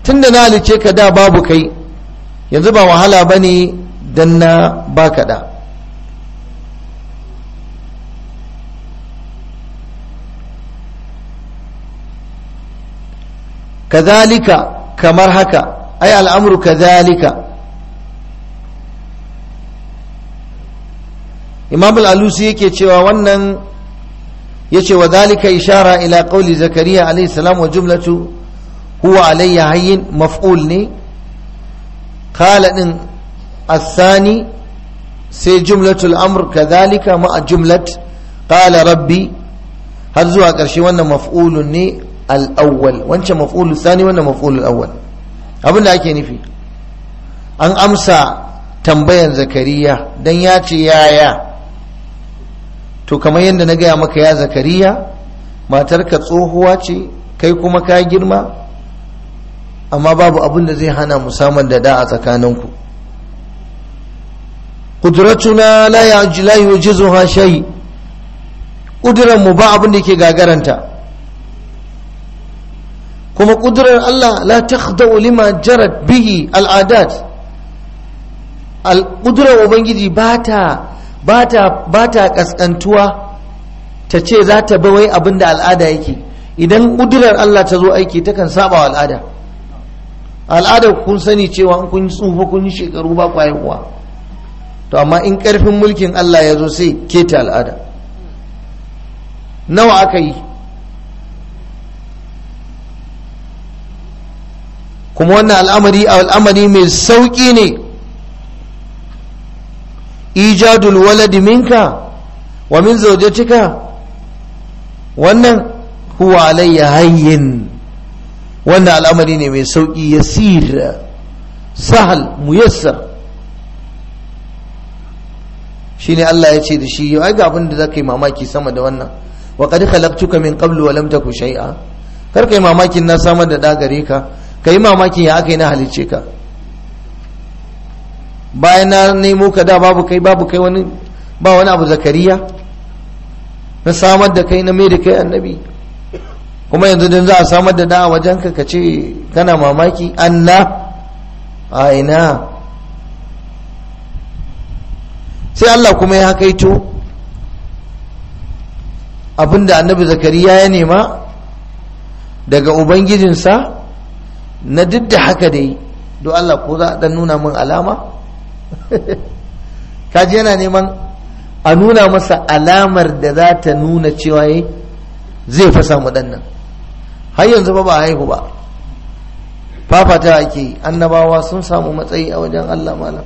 tunda na halice ka da babu kai yanzu ba wahala bane dan na ba da kazalika kamar haka ai al'amuru kazalika imam al'alusi yake cewa wannan ya ce wa zalika ishara ila ƙauli zakariya alaihi salam wa jumlatu huwa alayya hayyin maf'ul ne kala ɗin asani sai jumlatul amr kazalika ma a jumlat qala rabbi har zuwa ƙarshe wannan maf'ulun ne al'awwal wancan maf'ul thani wannan maf'ul al'awwal awwal abin da ake nufi an amsa tambayan zakariya dan yace ce yaya to kamar yadda na gaya maka ya zakariya matarka tsohuwa ce kai kuma ka girma amma babu abin da zai hana mu samun da da a tsakaninku قدرتنا لا يعجز لا يعجزها شيء shayi mu ba abin da yake gagaranta kuma kudurar Allah la da ulima jarat bihi al'adat kudurar ubangiji ba ta kaskantuwa ta ce za ta bi wai abin da al'ada yake idan kudurar Allah ta zo aiki ta kan saba wa al'ada al'ada kun sani cewa in kun tsufa kun yi shekaru ba kuwa to amma in karfin mulkin Allah ya zo sai keta al'ada nawa aka yi kuma wannan al'amari al'amari mai sauƙi ne ijadul waladi minka wa min zaujatika wannan huwa alayya hayyin wannan al'amari ne mai sauƙi yasir sahal muyassar shine Allah ya ce da shi ai ga abin da zaka yi mamaki sama da wannan wa qad khalaqtuka min qablu wa lam taku shay'a kar kai mamakin na samar da da gare ka ka yi mamakin ya aka yi na halicce ka bayan na nemo ka da babu kai babu kai wani ba wani abu zakariya na samar da kai na mai da kai annabi kuma yanzu don za a samar da da'a wajen ka ce kana mamaki anna a ina sai Allah kuma ya kaito abinda annabi zakariya ya nema daga ubangijinsa na duk da haka dai do Allah ko za a dan nuna min alama kaji yana neman a nuna masa alamar da za ta nuna cewa yi eh, zai fi samu dan nan har yanzu ba ba haihu ba fafata ake annabawa sun samu matsayi a wajen Allah malam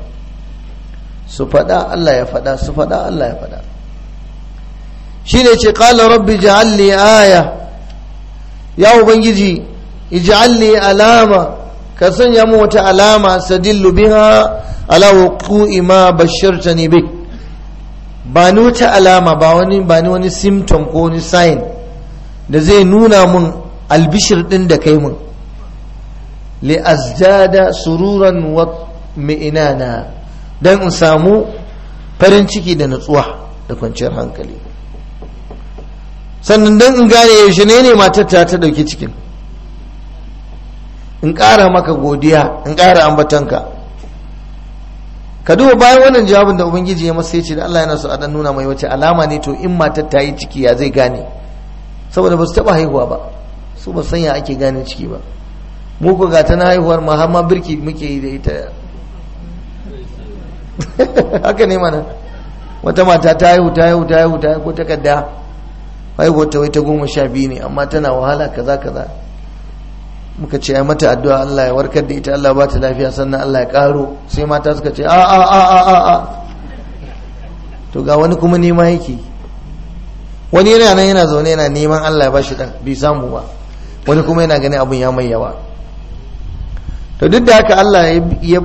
su faɗa Allah ya faɗa su faɗa Allah ya faɗa shi ne ce ƙala rabbi ja'alli aya ya ubangiji ij'alni alama ka sanya min wata alama sadillu biha ala wuqu'i ma bashartani bi ba ni wata alama ba wani ba ni wani symptom ko wani sign da zai nuna mun albishir din da kai mun li azjada sururan wa mi'inana dan in samu farin ciki da natsuwa da kwanciyar hankali sannan dan in gane yaushe ne ne matar ta ta dauki cikin in ƙara maka godiya in ƙara ambatanka ka duba bayan wannan jawabin da ubangiji ya masa ce da Allah yana so a dan nuna mai wace alama ne to in matar ta yi ciki ya zai gane saboda ba su taba haihuwa ba su ba sanya ake gane ciki ba mu ko ga ta na haihuwar ma har ma birki muke yi da ita haka ne mana wata mata ta haihu ta haihu ta haihu ta haihu ko takadda haihuwar ta wai ta goma sha biyu ne amma tana wahala kaza kaza muka ce ai mata addu'a Allah ya warkar da ita Allah ba ta lafiya sannan Allah ya karo sai mata suka ce a a a a a to ga wani kuma nema yake wani yana nan yana zaune yana neman Allah ya bashi dan bai samu ba wani kuma yana ganin abun ya mai yawa to duk da haka Allah ya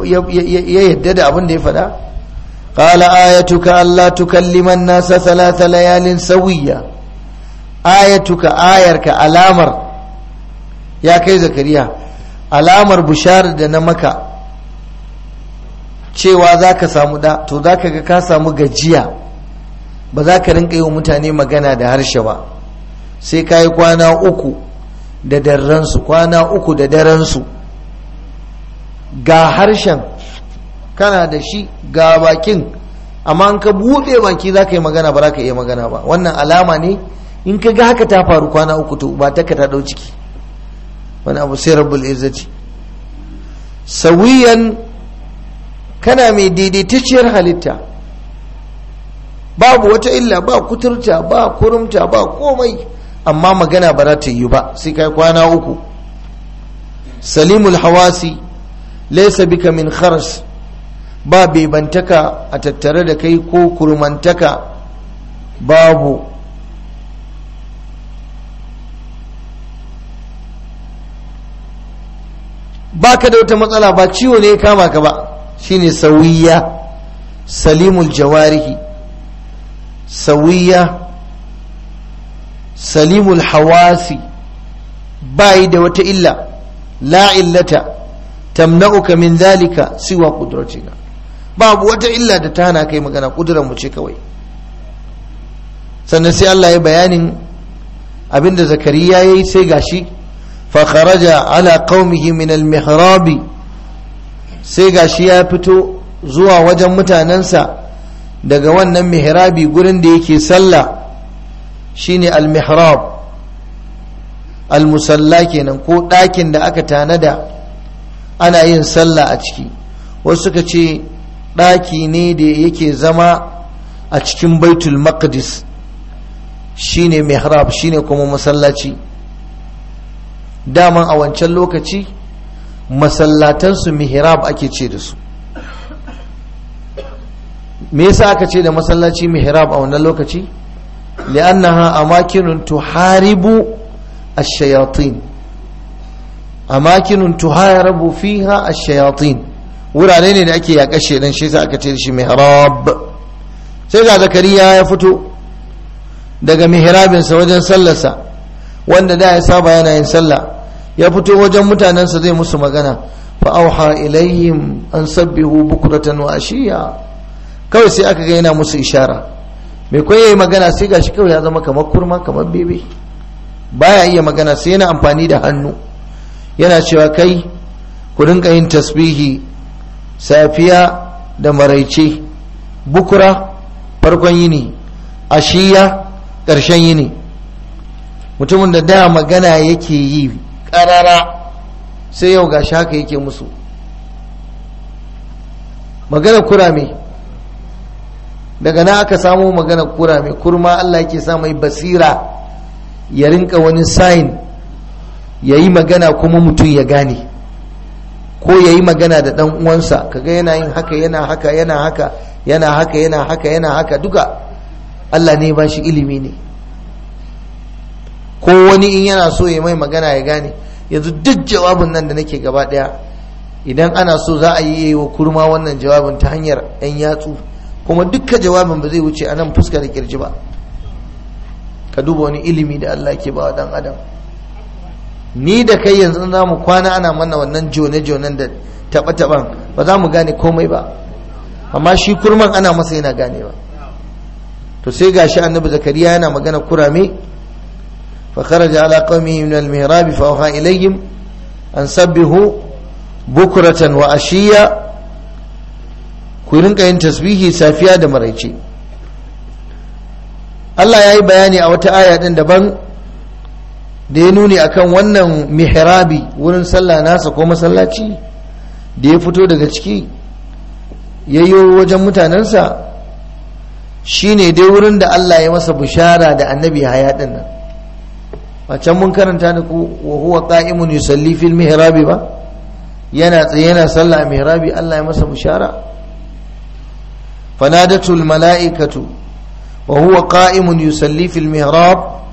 yadda da abun da ya faɗa qala ayatuka alla tukallima an-nasa thalatha layalin sawiyya ayatuka ayarka alamar ya kai zakariya alamar bushar da na maka cewa za ka samu da to za ka ga ka samu gajiya ba za ka rinka yi wa mutane magana da harshe ba sai ka yi kwana uku da daransu kwana uku da daransu ga harshen kana da shi ga bakin amma an ka buɗe baki za ka yi magana ba za ka iya magana ba wannan alama ne in ka ga haka ta faru kwana uku to ba ta ka ta ɗau ciki wani abu sai rabbul izzati sawiyan kana mai daidaitacciyar halitta babu wata illa ba kuturta ba kurumta ba komai amma magana ba za ta yi ba sai kai kwana uku salimul hawasi laisa bika min kharas ba bebantaka a tattare da kai ko kurmantaka babu baka da wata matsala ba ciwo ne ya kama ka ba shine Sauyiya salimul jawarihi sauyiya salimul hawasi yi da wata illa la illata tamna'uka min zalika siwa qudratika babu wata illa da ta hana kai magana kudurar mu ce kawai sannan sai Allah ya bayanin abinda zakariya ya yi sai gashi فخرج على قومه من المحراب sai gashi ya fito zuwa wajen mutanensa daga wannan mihrabi gurin da yake sallah shine al-mihrab al kenan ko ɗakin da aka tanada ana yin sallah a ciki wasu suka ce ɗaki ne da yake zama a cikin baitul maqdis shine mihrab shine kuma masallaci daman a wancan lokaci masallatansu mihrab ake ce da su me yasa aka ce da masallaci mihrab a wannan lokaci li'annaha amakinun tuharibu ash-shayatin amakinun tuharibu fiha ash-shayatin wurare ne da ake yaƙa shedan shi yasa aka ce shi mihrab sai ga zakariya ya fito daga mihrabinsa wajen sallarsa wanda da ya saba yana yin sallah ya fito wajen mutanensa zai musu magana fa auha ilayhim an sabbihu bukratan wa ashiya kawai sai aka ga yana musu ishara mai koyi yayi magana sai gashi kawai ya zama kamar kurma kamar bebe baya iya magana sai yana amfani da hannu yana cewa kai ku rinka yin tasbihi safiya da maraice bukura farkon yini ashiya karshen yini mutumin da da magana yake yi karara sai yau ga haka yake musu magana kurame daga na aka samu magana kurame kurma Allah yake sa mai basira ya rinka wani sign ya yi magana kuma mutum ya gane ko ya yi magana da dan uwansa kaga yana yin haka yana haka yana haka yana haka yana haka yana haka duka Allah ne ba shi ilimi ne ko wani in yana so ya mai magana ya gane yanzu duk jawabin nan da nake gaba daya idan ana so za a yi wa kurma wannan jawabin ta hanyar yan yatsu kuma duka jawabin ba zai wuce a nan fuska da kirji ba ka duba wani ilimi da Allah ke ba dan adam ni da kai yanzu za mu kwana ana mana wannan jone-jonen da taɓa-taɓan ba za mu gane komai ba amma shi kurman ana masa yana ganewa to sai gashi annabi zakariya yana magana kurame فخرج على قومه من المهراب فأوحى إليهم أن سبهوا بكرة وأشيا كلنك إن تسبيه سافيا دمريتي Allah ya yi bayani a wata aya ɗin daban da ya nuni akan wannan mihirabi wurin sallah nasa ko masallaci da ya fito daga ciki ya yi wajen mutanensa shine dai wurin da Allah ya masa bishara da annabi haya ɗin a can mun karanta ni ku wa huwa qa'imun yusalli fil mihrabi ba yana yana sallah a mihrabi Allah ya masa bushara fanadatul mala'ikatu wa huwa qa'imun yusalli fil mihrab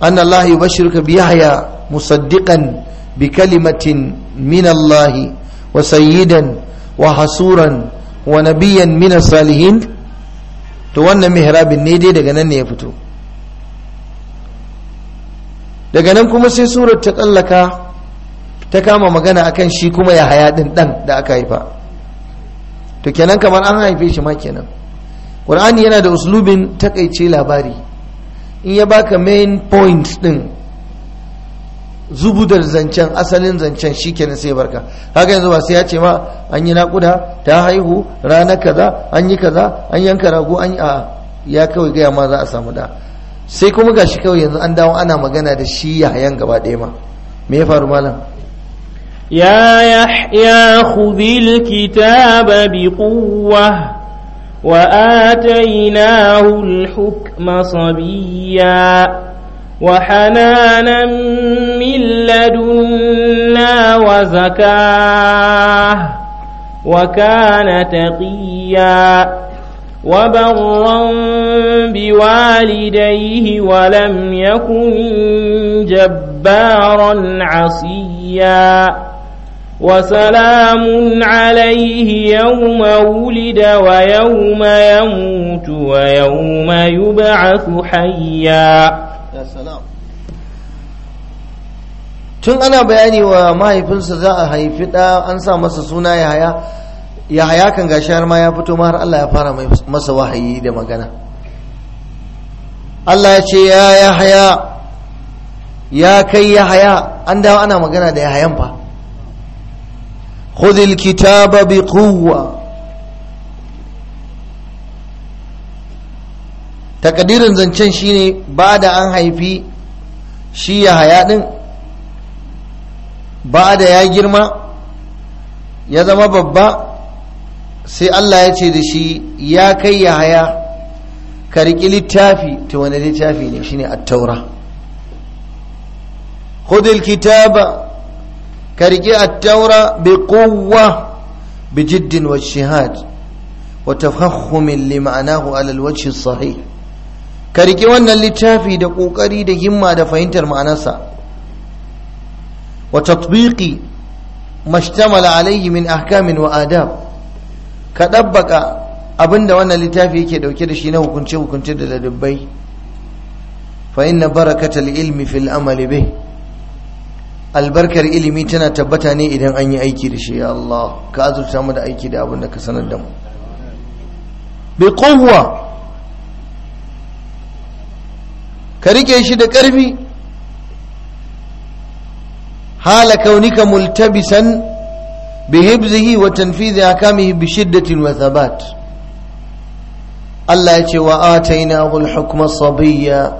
anna Allah yubashshiruka bi Yahya musaddiqan bi kalimatin min Allah wa sayyidan wa hasuran wa nabiyyan min as-salihin to wannan mihrabin ne dai daga nan ne ya fito daga nan kuma sai surar ta tsallaka ta kama magana akan shi kuma ya haya din dan da aka haifa to kenan kamar an haife shi ma kenan qur'ani yana da uslubin takaice labari in ya baka main point din zubudar zancen asalin zancen shi kenan sai barka haka yanzu ba sai ya ce ma an yi naƙuda ta haihu rana kaza an yi kaza an yanka rago an yi a ya kawai gaya ma za a samu da sai kuma shi kawai yanzu an dawo ana magana da shi yahayan gaba ɗaya ma me ya faru malam ya yahya khudhil kitaba biquwwa wa atainahu al-hukma sabiyya وحنانا من لدنا وزكاه وكان تقيا وبرا بوالديه ولم يكن جبارا عصيا وسلام عليه يوم ولد ويوم يموت ويوم يبعث حيا يا سلام tun ana bayani wa mahaifinsa za a haifi ɗa an sa masa suna ya haya ya haya kan gashi har ma ya fito ma har Allah ya fara masa wahayi da magana Allah ya ce ya ya haya ya kai ya haya an dawo ana magana da ya hayan fa khudhil kitaba bi quwwa takadirin zancen shine ba da an haifi shi ya haya din ba da ya girma ya zama babba sai Allah ya ce da shi ya kai ya haya ka riƙi littafi ta wani littafi ne shine attaura taura khudil kitaba ka riƙi at bi quwwa bi jiddin wa shihad wa tafahhumin li ma'anahu ala sahih ka riƙi wannan littafi da ƙoƙari da himma da fahimtar ma'anarsa wa tatbiqi mashtamala alayhi min ahkamin wa adab ka ɗabbaka abinda wannan littafi yake dauke da shi na hukunce hukunce da dadabbai fa inna barakatal ilmi fil amali bih albarkar ilimi tana tabbata ne idan an yi aiki da shi ya Allah ka azurta mu da aiki da abin da ka sanar da mu bi quwwa ka rike shi da ƙarfi hala kaunika multabisan Bi بحفظه وتنفيذ أحكامه بشدة وثبات الله يتي وآتيناه sabiyya.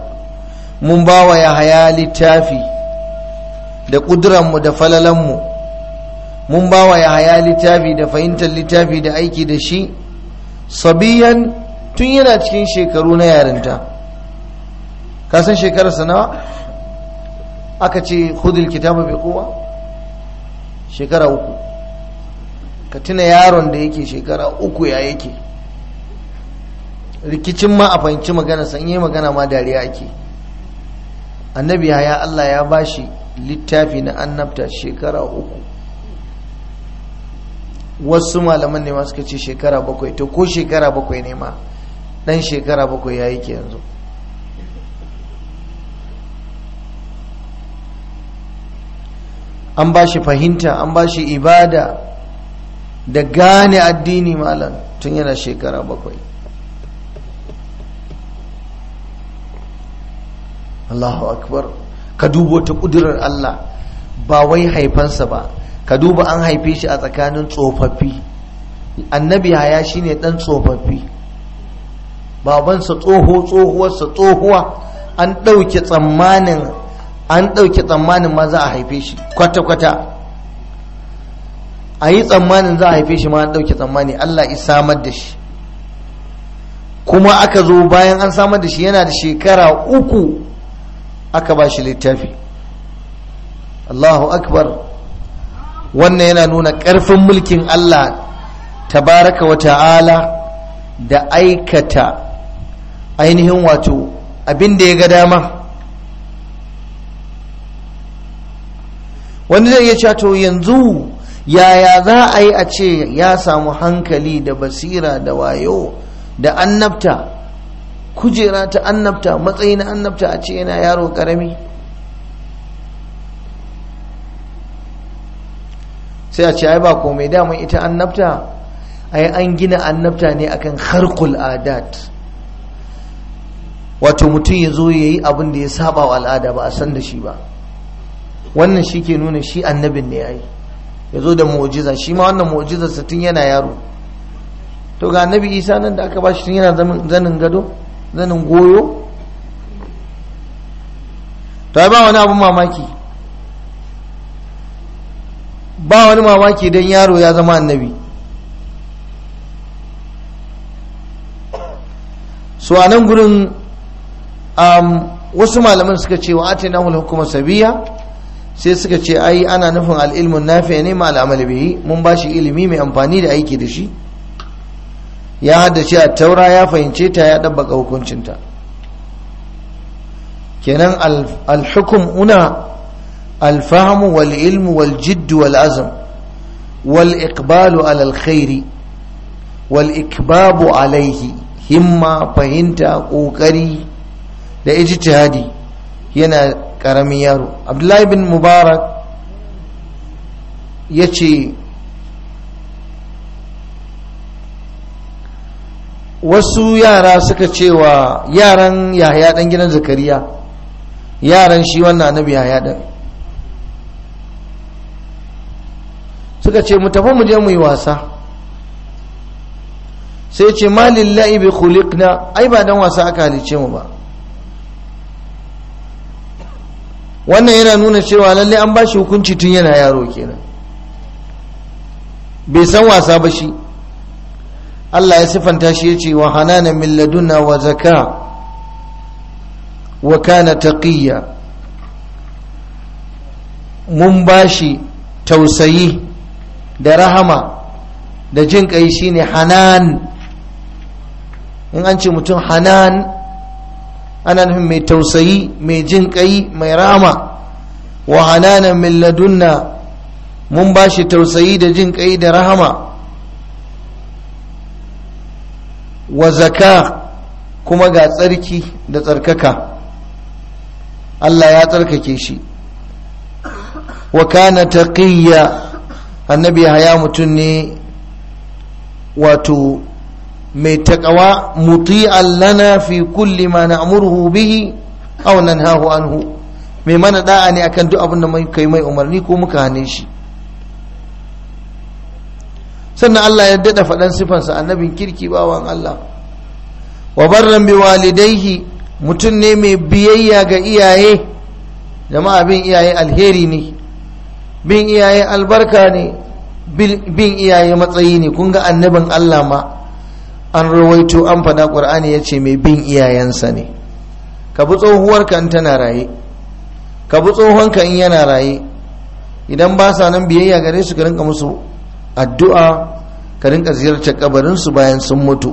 Mun من باوى يحيى littafi da ƙudurarmu da falalanmu mun ba wa yahaya littafi da fahimtar littafi da aiki da shi sabiyan tun yana cikin shekaru na yarinta Ka san shekararsa nawa aka ce hudul kitabu bai kowa shekara uku ka tuna yaron da yake shekara uku ya yake rikicin ma a fahimci magana san yi magana ma dariya ake annabi ya Allah ya bashi littafi na annabta shekara uku wasu malaman ne ma suka ce shekara bakwai to ko shekara bakwai ne ma dan shekara bakwai ya yake yanzu an ba shi fahimta an ba shi ibada da gane addini malam tun yana shekara bakwai Allahu akbar ka dubo ta kudurar Allah ba wai haifansa ba ka duba an haife shi a tsakanin tsofaffi annabi haya shine dan tsofaffi babansa tsoho tsohuwarsa tsohuwa an ɗauke tsammanin an ɗauke tsammanin ma za a haife shi kwata-kwata a yi tsammanin za a haife shi ma an ɗauke tsammani Allah ya samar da shi kuma aka zo bayan an samar da shi yana da shekara uku aka ba shi littafi Allahu akbar wannan yana nuna ƙarfin mulkin Allah tabaraka wa ta'ala da aikata ainihin wato abin da ya ga dama wani zai iya cato yanzu yaya za a yi a ce ya samu hankali da basira da wayo da annabta kujera ta annabta matsayi na annabta a ce yana yaro karami sai a ce ai ba komai dama ita annabta ai an gina annabta ne akan harkul adat wato mutum ya zo ya yi abin da ya saba wa al'ada ba a san da shi ba wannan shi ke nuna shi annabin ne ya yi ya zo da mu'jiza shi ma wannan mu'jizar sa tun yana yaro to ga annabi isa nan da aka ba shi tun yana zanin gado zanin goyo to ba wani abun mamaki ba wani mamaki don yaro ya zama annabi so a nan gurin um, wasu malaman suka ce wa ati na hukuma sabiya sai suka ce ai ana nufin al'ilmun nafi ne ma al'amal bihi mun ba shi ilimi mai amfani da aiki da shi ya haddace a taura ya fahimce ta ya ɗabbaka hukuncinta kenan alhukum una alfahamu wal ilmu wal jiddu wal azam wal ikbalu alal khairi wal ikbabu alaihi himma fahimta ƙoƙari da ijtihadi yana karamin yaro abdullahi bin mubarak ya ce wasu yara suka cewa yaran yahaya dan gidan zakariya yaran shi wannan annabi yahaya dan suka ce mu tafi mu je mu yi wasa sai ce malin la'ibi khuliqna ai ba dan wasa aka halice mu ba wannan yana nuna cewa lalle an bashi hukunci tun yana yaro kenan bai san wasa ba shi Allah ya sifanta shi ya ce wa hanana min laduna wa zaka wa kana taqiyya mun bashi tausayi da rahama da jin kai shine hanan in an ce mutum hanan ana nufin mai tausayi mai jin kai mai rama wa hananan min ladunna mun ba shi tausayi da jin kai da rahama wa zaka kuma ga tsarki da tsarkaka Allah ya tsarkake shi wa kana taqiyya annabi haya mutum ne wato mai taƙawa muti'an allana fi kulli ma na'muruhu bihi aw nanhahu anhu mai mana da'a ne akan duk abin da muka yi mai umarni ko muka hane shi sannan Allah ya dada faɗan sa annabin kirki bawan Allah wa barran bi walidaihi mutum ne mai biyayya ga iyaye jama'a bin iyaye alheri ne bin iyaye albarka ne bin iyaye matsayi ne kun ga annabin Allah ma an rawaito an fada ƙur'ani ya ce mai bin iyayensa ne ka bi tsohuwarka in tana raye ka bi tsohonka in yana raye idan ba sa nan biyayya gare su ka rinka musu addu'a ka rinka ziyartar su bayan sun mutu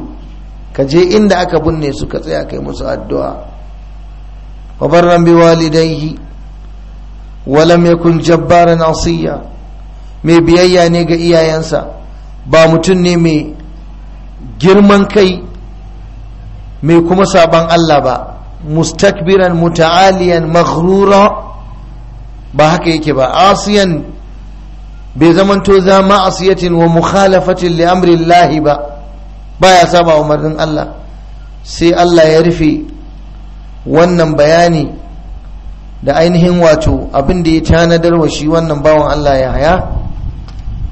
ka je inda aka binne su ka tsaya kai musu addu'a wa barran bi walidayhi wa lam yakun jabbaran asiya mai biyayya ne ga iyayensa ba mutum ne mai girman kai mai kuma sabon Allah ba mustakbiran muta'aliyan maghrura ba haka yake ba asiyan bai zamanto za ma'asiyatin wa mukhalafatin li amri Allah ba baya saba umarnin Allah sai Allah ya rufe wannan bayani da ainihin wato abin da ya tanadar wa shi wannan bawan Allah ya haya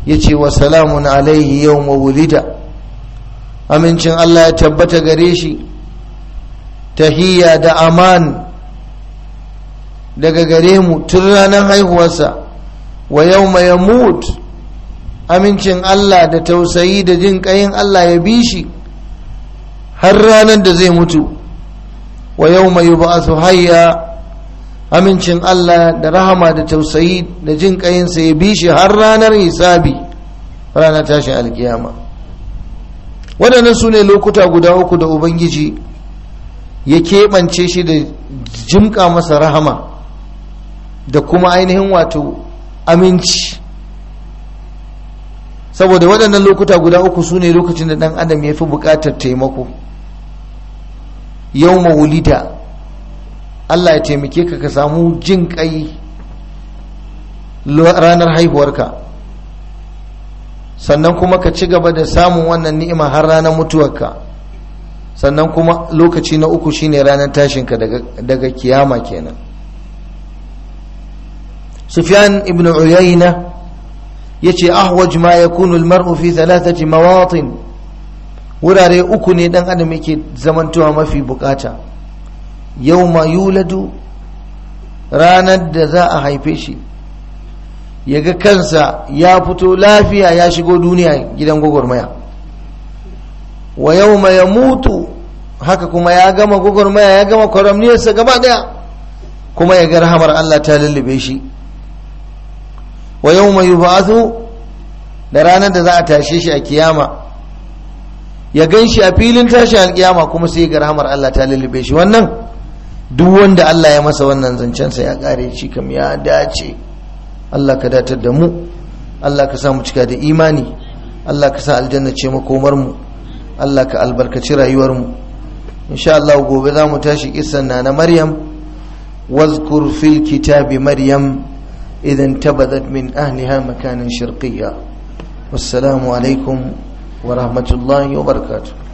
ya ce wa salamun alaihi yau wulida amincin Allah ya tabbata gare shi tahiyya da aman daga gare mu tun ranar haihuwarsa wa yau ya mut amincin Allah da tausayi da jin ƙayin Allah ya bi shi har ranar da zai mutu wa yau mai ba su hayya amincin Allah da rahama da tausayi da jin ƙayinsa ya bi shi har ranar hisabi ranar tashin alkiyama. waɗannan su ne lokuta guda uku da ubangiji ya keɓance shi da jimƙa masa rahama da kuma ainihin wato aminci saboda waɗannan lokuta guda uku su ne lokacin da ɗan adam ya fi buƙatar taimako yau mawulida allah ya taimake ka ka samu jin ƙai ranar haihuwarka sannan kuma ka ci gaba da samun wannan ni'ima har ranar mutuwarka sannan kuma lokaci na uku shine ranar tashinka daga kiyama kenan sufyan ibn uyayna yace ahwaj ma yakunu almar'u fi thalathati mawatin wurare uku ne dan adam yake zamantowa mafi bukata yau yuladu ranar da za a haife shi ya ga kansa ya fito lafiya ya shigo duniya gidan gwagwarmaya wa yau ma ya mutu haka kuma ya gama gwagwarmaya ya gama kwaramniyarsa gaba daya kuma ya ga rahamar Allah ta lullube shi wa yau mai yubatu da ranar da za a tashe shi a kiyama ya gan shi a filin tashi kiyama kuma sai ga rahamar Allah ta lullube shi wannan duk wanda Allah ya masa wannan zancensa ya kare shi kam ya dace Allah ka datar da mu Allah ka sa mu cika da imani Allah ka sa aljanna ce makomar mu Allah ka albarkaci rayuwar mu insha Allah gobe za tashi kissan na Maryam wazkur fil kitabi Maryam idan tabadat min ahliha makanan sharqiyya والسلام عليكم ورحمة الله وبركاته